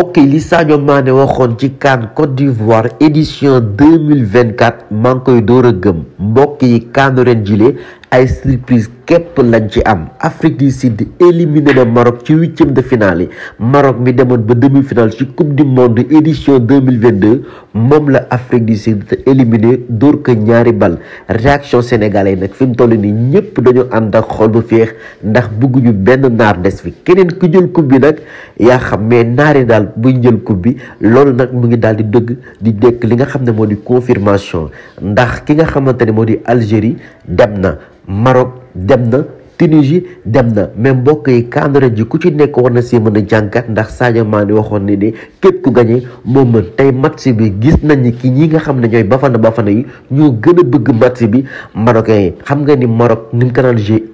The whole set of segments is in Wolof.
mbokk yi li Sadio Mané waxoon ci CAN Côte d'Ivoire édition deux mille vingt quatre maa ngi koy door a gëm mbokk yi CAN ren jile ay surprise képp lañ ci am Afrique du Sud éliminé na Maroc ci huitième de finale yi Maroc mi demoon ba demi-finale ci coupe du monde édition deux mille vingt deux moom la Afrique du Sud te éliminé dóor ko ñaari bal réaction yi nag fi mu ni nii ñëpp dañu ànd ak xol bu féex ndax bëgguñu benn naar des fi keneen ku jël coupe bi nag yaa xam mais naari daal buy jël coupe bi loolu nag mu ngi daal di dëgg di dëkk li nga xam ne moo di confirmation ndax ki nga xamante ne moo di Algérie dem na. Maroc dem na Tunisie dem na mais mbokk yi cadre ji ku ci nekk war na si mën a jàngat ndax Sadio Mané waxoon ni ne képp ku gagné moom mën tey match bi gis nañ ni ki ñi nga xam ne ñooy Bafana Bafana yi ñoo gën a bëgg match bi marocain yi xam nga ni Maroc ni mu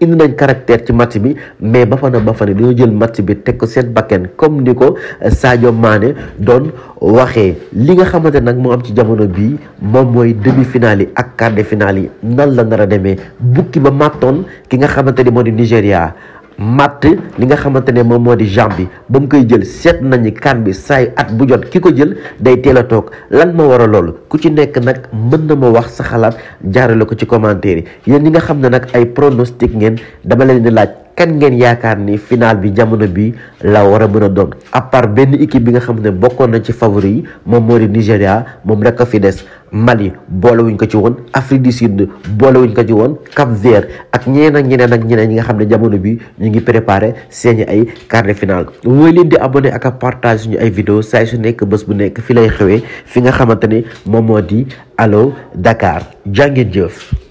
indi nañ caractère ci match bi mais Bafana Bafana dañoo jël match bi teg ko seen bakken comme ni ko Sadio Mané doon waxee li nga xamante nag moo am ci jamono bii moom mooy demi-finale yi ak quart de finale yi nan la nar a demee bukki ba màttoon ki nga xamante ni moo di Nigéria matt li nga xamante ne moom moo di Gambie ba mu koy jël seet nañu kan bi saay at bu jot ki ko jël day teel a toog lan ma war a loolu ku ci nekk nag mën na ma wax sa xalaat jaarale ko ci commentaire yi yéen ñi nga xam ne nag ay pronostic ngeen dama leen di laaj kan ngeen yaakaar ni final bi jamono bi la war a mën a doon à part benn équipe bi nga xam ne bokkoon nañ ci favori yi moom moo di Nigéria moom rek a fi des Mali wuñ ko ci woon Afrique du Sud boolewuñ ko ci woon Cap Vert ak ñeneen ak ñeneen ak ñeneen ñi nga xam ne jamono bi ñu ngi préparé seeni ay quart de finale wooy leen di abonné ak a partage suñu ay vidéo saay su nekk bés bu nekk fi lay xewee fi nga xamante ne moom moo di Allo Dakar jàngeen jëf